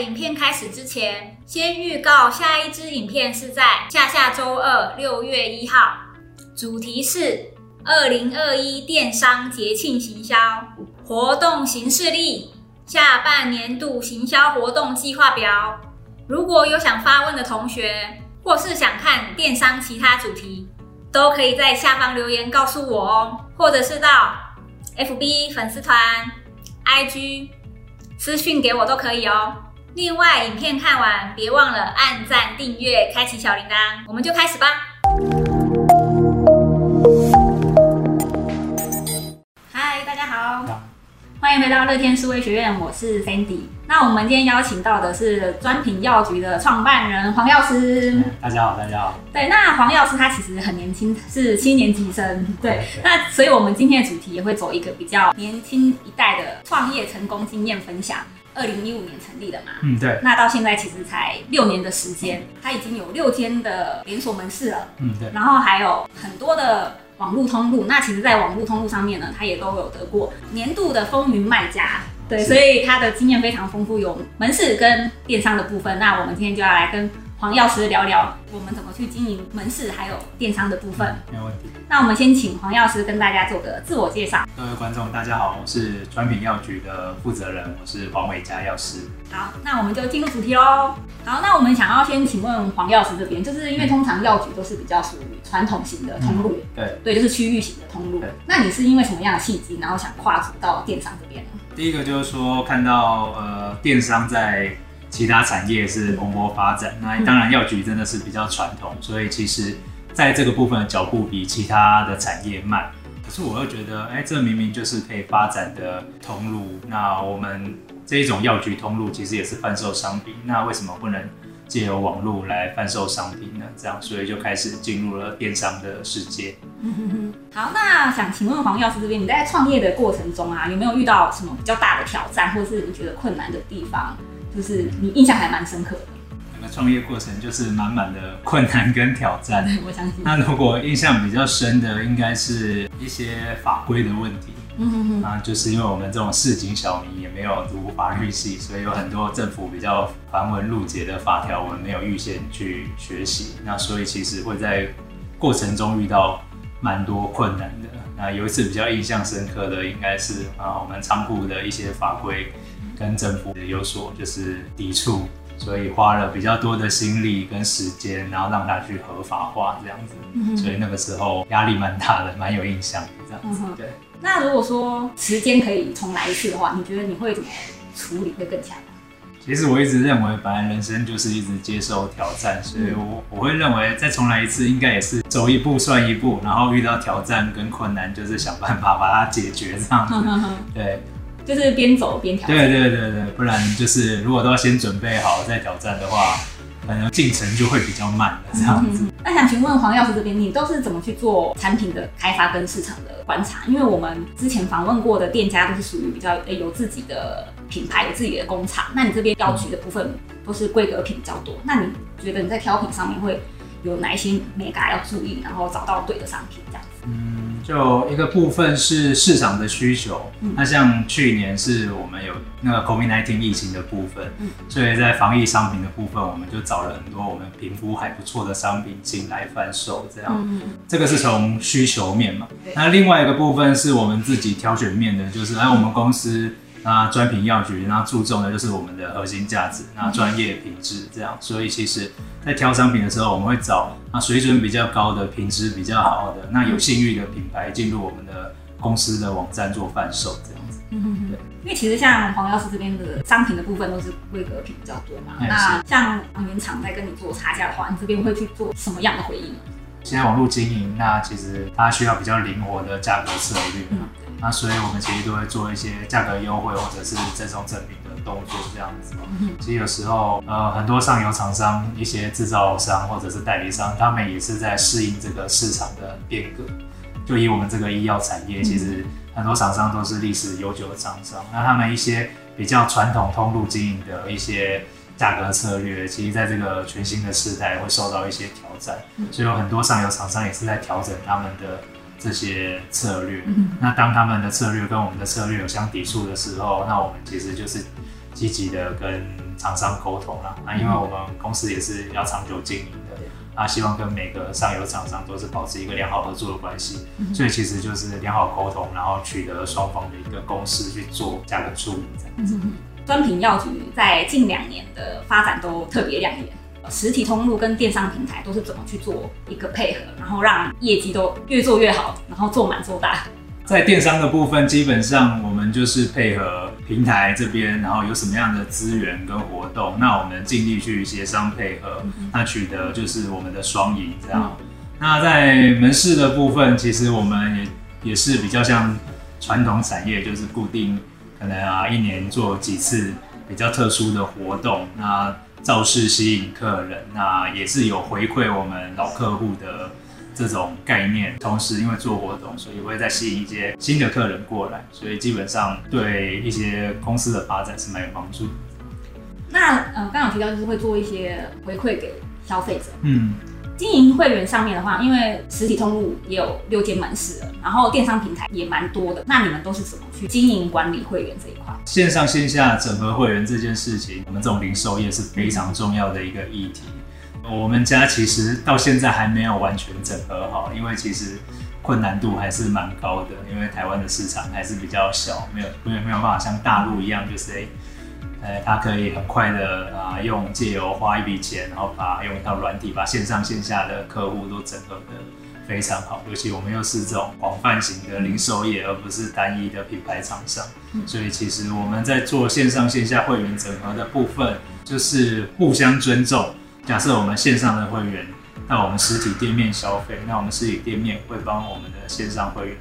影片開始之前，先預告下一支影片是在下下週二六月一號，主題是二零二一電商節慶行銷活動行事曆，下半年度行銷活動計劃表。如果有想發問的同學，或是想看電商其他主題，都可以在下方留言告訴我哦，或者是到 FB 粉絲團、IG 私訊給我都可以哦。另外，影片看完別忘了按讚、訂閱、開啟小鈴鐺，我們就開始吧。嗨，大家好，Yeah. 歡迎回到樂天數位學院，我是 Sandy。那我們今天邀請到的是專品藥局的創辦人黃藥師。Yeah, 大家好，大家好。對，那黃藥師他其實很年輕，是七年級生。對，Yeah. 那所以我們今天的主題也會走一個比較年輕一代的創業成功經驗分享。二零一五年成立的嘛，嗯對，那到現在其實才六年的時間，嗯、他已經有六間的連鎖門市了，嗯對，然後還有很多的網絡通路，那其實，在網絡通路上面呢，他也都有得過年度的風雲賣家，對，是所以他的經驗非常豐富，有門市跟電商的部分，那我們今天就要來跟黃藥師聊聊我們怎麼去經營門市，還有電商的部分，嗯、沒有問題。那我們先請黃藥師跟大家做個自我介紹。各位觀眾，大家好，我是專品藥局的負責人，我是黃偉家藥師。好，那我們就進入主題嘍。好，那我們想要先請問黃藥師這邊，就是因為通常藥局都是比較屬於傳統型的通路，嗯、對，對，就是區域型的通路。對那你是因為什麼樣的契機，然後想跨足到電商這邊呢？第一個就是說，看到呃電商在。其他產業是蓬勃發展，那當然藥局真的是比較傳統，嗯、所以其實在這個部分的腳步比其他的產業慢。可是我又覺得，哎、欸，這明明就是可以發展的通路，那我們這一種藥局通路其實也是販售商品，那為什麼不能借由網路來販售商品呢？這樣，所以就開始進入了電商的世界。好，那想請問黃藥師這邊，你在創業的過程中啊，有沒有遇到什麼比較大的挑戰，或是你覺得困難的地方？就是你印象還蠻深刻那個創業過程，就是滿滿的困難跟挑戰。對，我相信。那如果印象比較深的，應該是一些法規的問題。嗯哼哼。那就是因為我們這種市井小民也沒有讀法律系，所以有很多政府比較繁文縟節的法條，我們沒有預先去學習。那所以其實會在過程中遇到蠻多困難的。那有一次比較印象深刻的，應該是啊，我們倉庫的一些法規。跟政府有所就是抵觸，所以花了比較多的心力跟時間，然後讓它去合法化這樣子。嗯哼。所以那個時候壓力蠻大的，蠻有印象這樣子。嗯哼。對。那如果說時間可以重來一次的話，你覺得你會怎麼處理會更強？其實我一直認為，本來人生就是一直接受挑戰，所以我我會認為再重來一次，應該也是走一步算一步，然後遇到挑戰跟困難，就是想辦法把它解決這樣子。嗯哼。對。就是邊走邊挑戰。對，對對對，不然就是如果都要先準備好再挑戰的話，可能進程就會比較慢的這樣子。嗯嗯嗯，那想請問黃藥師這邊，你都是怎麼去做產品的開發跟市場的觀察？因為我們之前訪問過的店家都是屬於比較誒有自己的品牌，有自己的工廠。那你這邊要取的部分都是規格品比較多，那你覺得你在挑品上面會有哪一些眉角要注意，然後找到對的商品這樣子？嗯就一個部分是市場的需求，嗯、那像去年是我們有那個 COVID-19 疫情的部分，嗯、所以在防疫商品的部分，我們就找了很多我們評估還不錯的商品進來販售，這樣。嗯嗯嗯，這個是從需求面嘛。嗯、那另外一個部分是我們自己挑選面的，就是來、哎、我們公司。那專品藥局，那注重的就是我們的核心價值，那專業品質這樣。所以其實，在挑商品的時候，我們會找那水準比較高的、品質比較好的、那有信譽的品牌進入我們的公司的網站做販售這樣子。嗯哼哼。對，因為其實像黃藥師這邊的商品的部分都是規格品比,比較多嘛。是那像原廠在跟你做差價的話，你這邊會去做什麼樣的回應呢？現在網絡經營，那其實它需要比較靈活的價格策略。嗯那所以，我們其實都會做一些價格優惠或者是這種贈品的動作，這樣子。其實有時候，呃，很多上游廠商、一些製造商或者是代理商，他們也是在適應這個市場的變革。就以我們這個醫藥產業，其實很多廠商都是歷史悠久的廠商，那他們一些比較傳統通路經營的一些價格策略，其實在這個全新的時代會受到一些挑戰，所以有很多上游廠商也是在調整他們的。這些策略，嗯、哼那當他們的策略跟我們的策略有相抵觸的時候，那我們其實就是積極的跟廠商溝通啦。嗯、哼啊，因為我們公司也是要長久經營的，那對、啊、希望跟每個上游廠商都是保持一個良好合作的關係，嗯、哼所以其實就是良好溝通，然後取得雙方的一個共識去做價格處理，嗯。專品藥局在近兩年的發展都特別亮眼。實體通路跟電商平台都是怎麼去做一個配合，然後讓業績都越做越好，然後做滿做大。在電商的部分，基本上我們就是配合平台這邊，然後有什麼樣的資源跟活動，那我們盡力去協商配合，那取得就是我們的雙贏，這樣。那在門市的部分，其實我們也也是比較像傳統產業，就是固定可能啊一年做幾次比較特殊的活動，那造勢吸引客人，那也是有回饋我們老客戶的這種概念。同時，因為做活動，所以也會再吸引一些新的客人過來，所以基本上對一些公司的發展是蠻有幫助。那呃，剛剛提到就是會做一些回饋給消費者，嗯。經營會員上面的話，因為實體通路也有六間門市了，然後電商平台也蠻多的。那你們都是怎麼去經營管理會員這一塊？線上線下整合會員這件事情，我們這種零售業是非常重要的一個議題。我們家其實到現在還沒有完全整合好，因為其實困難度還是蠻高的，因為台灣的市場還是比較小，沒有，沒有，沒有辦法像大陸一樣就是。呃，他可以很快的啊，用借由花一筆錢，然後把用一套軟體把線上線下的客戶都整合的非常好。尤其我們又是這種廣泛型的零售業，而不是單一的品牌廠商，所以其實我們在做線上線下會員整合的部分，就是互相尊重。假設我們線上的會員到我們實體店面消費，那我們實體店面會幫我們的線上會員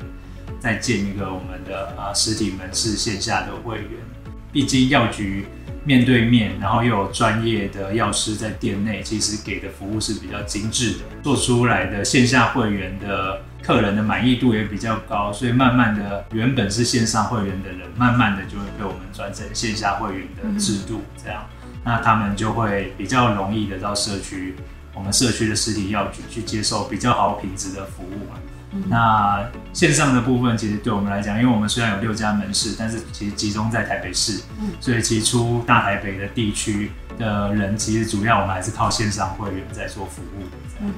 再建一個我們的啊實體門市線下的會員。一進藥局面對面，然後又有專業的藥師在店內，其實給的服務是比較精緻的，做出來的線下會員的客人的滿意度也比較高，所以慢慢的，原本是線上會員的人，慢慢的就會被我們轉成線下會員的制度，這樣，嗯、那他們就會比較容易的到社區，我們社區的實體藥局去接受比較好品質的服務嘛。那線上的部分，其實對我們來講，因為我們雖然有六家門市，但是其實集中在台北市，嗯、所以其實出大台北的地區的人，其實主要我們還是靠線上會員在做服務。嗯，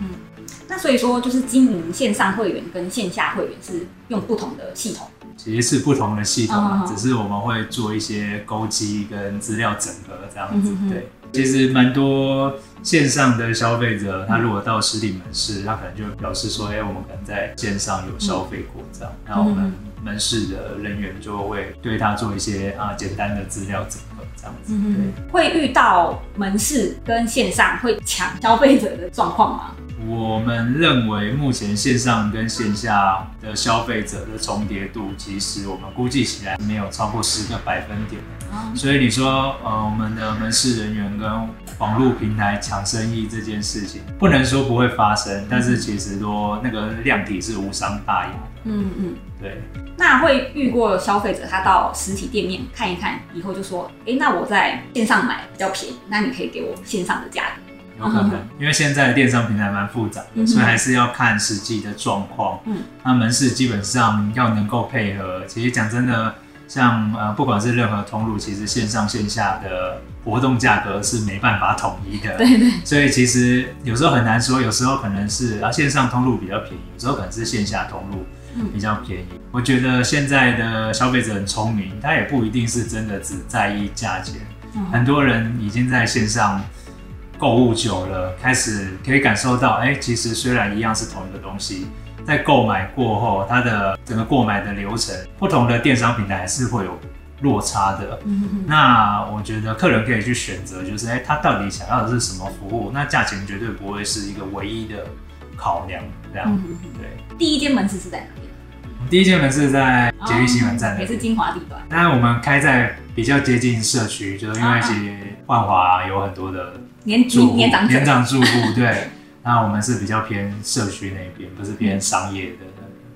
那所以說，就是經營線上會員跟線下會員是用不同的系統，其實是不同的系統嘛，哦哦哦只是我們會做一些勾稽跟資料整合這樣子，嗯、哼哼對。其實蠻多線上的消費者，他如果到實體門市，他可能就表示說，哎、欸，我們可能在線上有消費過這樣，嗯、然後我們門市的人員就會對他做一些啊簡單的資料整合這樣子。對、嗯，會遇到門市跟線上會搶消費者的狀況嗎？我們認為目前線上跟線下的消費者的重疊度，其實我們估計起來沒有超過十個百分點。哦、所以你說，呃，我們的門市人員跟網絡平台搶生意這件事情，不能說不會發生，嗯、但是其實說那個量體是無傷大雅。嗯嗯，對。那會遇過消費者，他到實體店面看一看，以後就說，哎，那我在線上買比較便宜，那你可以給我線上的價格。有可能，因為現在的電商平台蠻複雜的，所以還是要看實際的狀況。嗯，嗯，他們是基本上要能夠配合。其實講真的像，像呃，不管是任何通路，其實線上線下的活動價格是沒辦法統一的。對，對對。所以其實有時候很難說，有時候可能是啊，線上通路比較便宜，有時候可能是線下通路比較便宜。嗯，我覺得現在的消費者很聰明，他也不一定是真的只在意價錢。嗯，很多人已經在線上。購物久了，開始可以感受到，哎、欸，其實雖然一樣是同一個東西，在購買過後，它的整個購買的流程，不同的電商平台還是會有落差的。嗯、哼哼，那我覺得客人可以去選擇，就是哎，他、欸、到底想要的是什麼服務？那價錢絕對不會是一個唯一的考量。這樣，嗯、哼哼，對。第一間門市是在哪邊？第一間門市在捷運西門站、哦，也是精華地段。那我們開在比較接近社區，就是因為其實萬華、啊、有很多的。年，年長戶年長住戶對， 那我們是比較偏社區那邊，不是偏商業的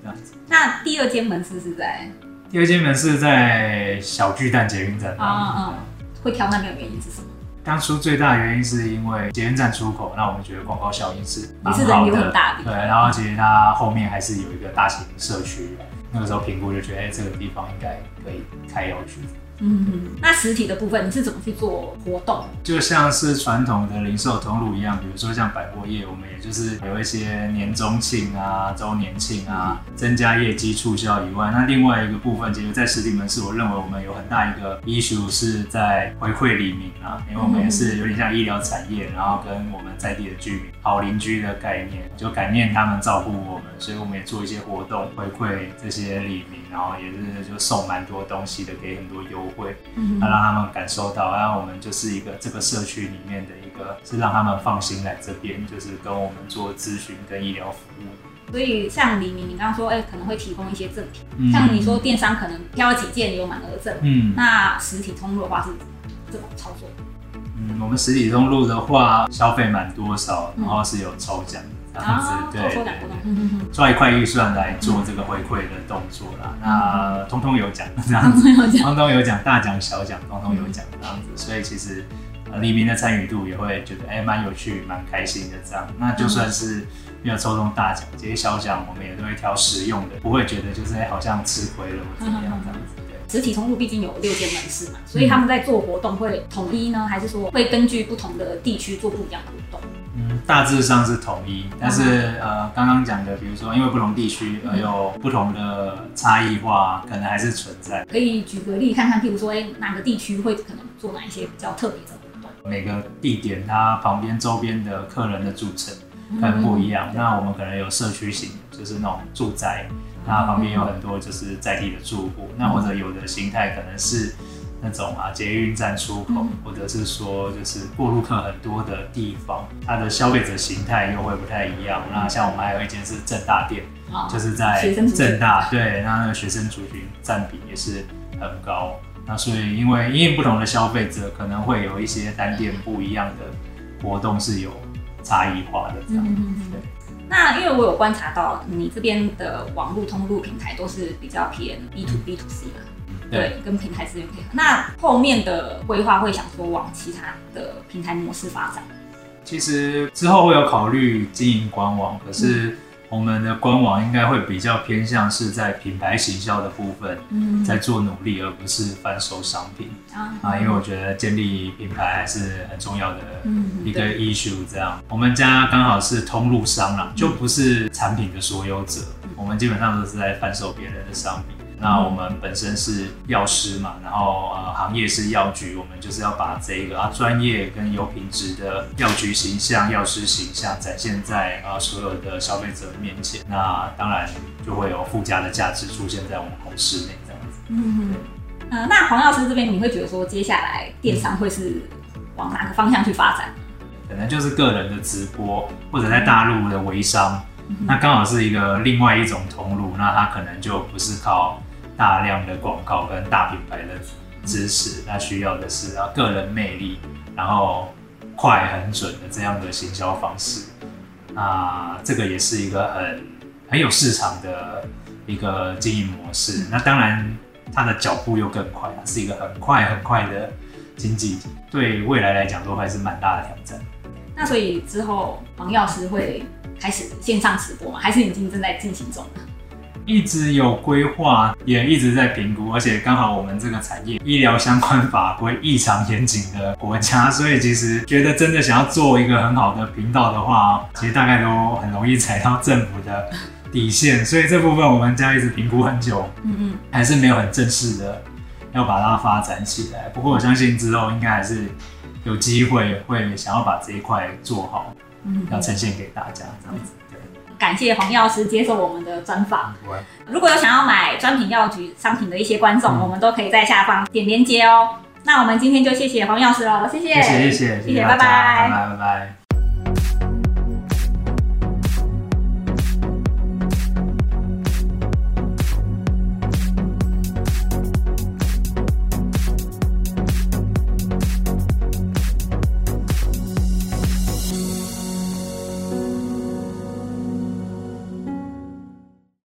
那邊這樣子。、嗯、那第二間門市是在？第二間門市在小巨蛋捷運站啊、哦哦哦，會挑那邊的原因是什麼？當初最大的原因是因為捷運站出口，那我們覺得廣告效應是蠻好的。對，然後其實它後面還是有一個大型社區，嗯、那個時候評估就覺得哎、欸，這個地方應該可以開藥局。嗯，那實體的部分你是怎麼去做活動？就像是傳統的零售通路一樣，比如說像百貨業，我們也就是有一些年終慶啊、周年慶啊，增加業績促銷以外，那另外一個部分，其實，在實體門市，我認為我們有很大一個 issue 是在回饋里民啊，因為我們也是有點像醫療產業，然後跟我們在地的居民好鄰居的概念，就感念他們照顧我們，所以我們也做一些活動回饋這些里民，然後也是就送蠻多東西的給很多優。不會，那、嗯、讓他們感受到，啊，我們就是一個這個社區裡面的一個，是讓他們放心來這邊，就是跟我們做諮詢跟醫療服務。所以像李明，你剛剛說，哎、欸，可能會提供一些贈品，嗯、像你說電商可能挑幾件有滿額贈，嗯，那實體通路的話是怎麼操作？嗯，我們實體通路的話，消費滿多少，然後是有抽獎。嗯這樣子，啊、對對對，抓一塊預算來做這個回饋的動作啦。嗯、那通通有獎，這樣子，通通有獎，大獎小獎通通有獎這樣子，所以其實黎明的參與度也會覺得哎，蠻、欸、有趣，蠻開心的這樣。那就算是沒有抽中大獎，這些小獎我們也都會挑實用的，嗯、不會覺得就是、欸、好像吃虧了或者怎樣這樣子。對，嗯、實體通路畢竟有六間門市嘛，所以他們在做活動會統一呢，還是說會根據不同的地區做不一樣的活動？嗯、大致上是統一，但是，嗯、呃，剛剛講的，比如說，因為不同地區，而有不同的差異化，嗯、可能還是存在。可以舉個例，看看，比如說，哎、欸，哪個地區會可能做哪一些比較特別的活動？每個地點它旁邊周邊的客人的組成可能不一樣。嗯嗯，那我們可能有社區型，就是那種住宅，它旁邊有很多就是在地的住戶。嗯嗯，那或者有的形態可能是。那種啊，捷運站出口，或者是說就是過路客很多的地方，它的消費者形態又會不太一樣。那像我們還有一間是政大店，哦、就是在政大，對，那那個學生族群占比也是很高。那所以因為因為不同的消費者，可能會有一些單店不一樣的活動是有差異化的這樣，對。那因為我有觀察到，你這邊的網路通路平台都是比較偏 B to B to C 嘛。對，跟品牌資源配合。那後面的規劃會想說往其他的平台模式發展。其實之後會有考慮經營官網，可是我們的官網應該會比較偏向是在品牌形象的部分在做努力，而不是販售商品，嗯、啊。因為我覺得建立品牌還是很重要的一個 issue。這樣，嗯、我們家剛好是通路商啦，嗯、就不是產品的所有者，我們基本上都是在販售別人的商品。嗯嗯，那我們本身是藥師嘛，然後呃，行業是藥局，我們就是要把這一個啊專業跟有品質的藥局形象、藥師形象展現在啊、呃、所有的消費者面前。那當然就會有附加的價值出現在我們公司內這樣子。嗯，嗯、呃、那黃藥師這邊，你會覺得說，接下來電商會是往哪個方向去發展？嗯、可能就是個人的直播，或者在大陸的微商。嗯嗯嗯，那剛好是一個另外一種通路，那它可能就不是靠。大量的廣告跟大品牌的支持，那需要的是、啊、個人魅力，然後快很準的這樣的行銷方式。啊，這個也是一個很很有市場的一個經營模式。嗯、那當然，它的腳步又更快、啊、是一個很快很快的經濟，對未來來講都還是蠻大的挑戰。那所以之後黃藥師會開始線上直播嗎？還是你已經正在進行中？一直有規劃，也一直在評估，而且剛好我們這個產業醫療相關法規異常嚴謹的國家，所以其實覺得真的想要做一個很好的頻道的話，其實大概都很容易踩到政府的底線。所以這部分我們家一直評估很久，嗯嗯，還是沒有很正式的要把它發展起來。不過我相信之後應該還是有機會會想要把這一塊做好，嗯，要呈現給大家這樣子。感謝黃藥師接受我們的專訪。對如果有想要買專品藥局商品的一些觀眾，嗯、我們都可以在下方點鏈接哦。那我們今天就謝謝黃藥師了，謝謝，謝謝，謝謝，拜拜，拜拜，拜拜。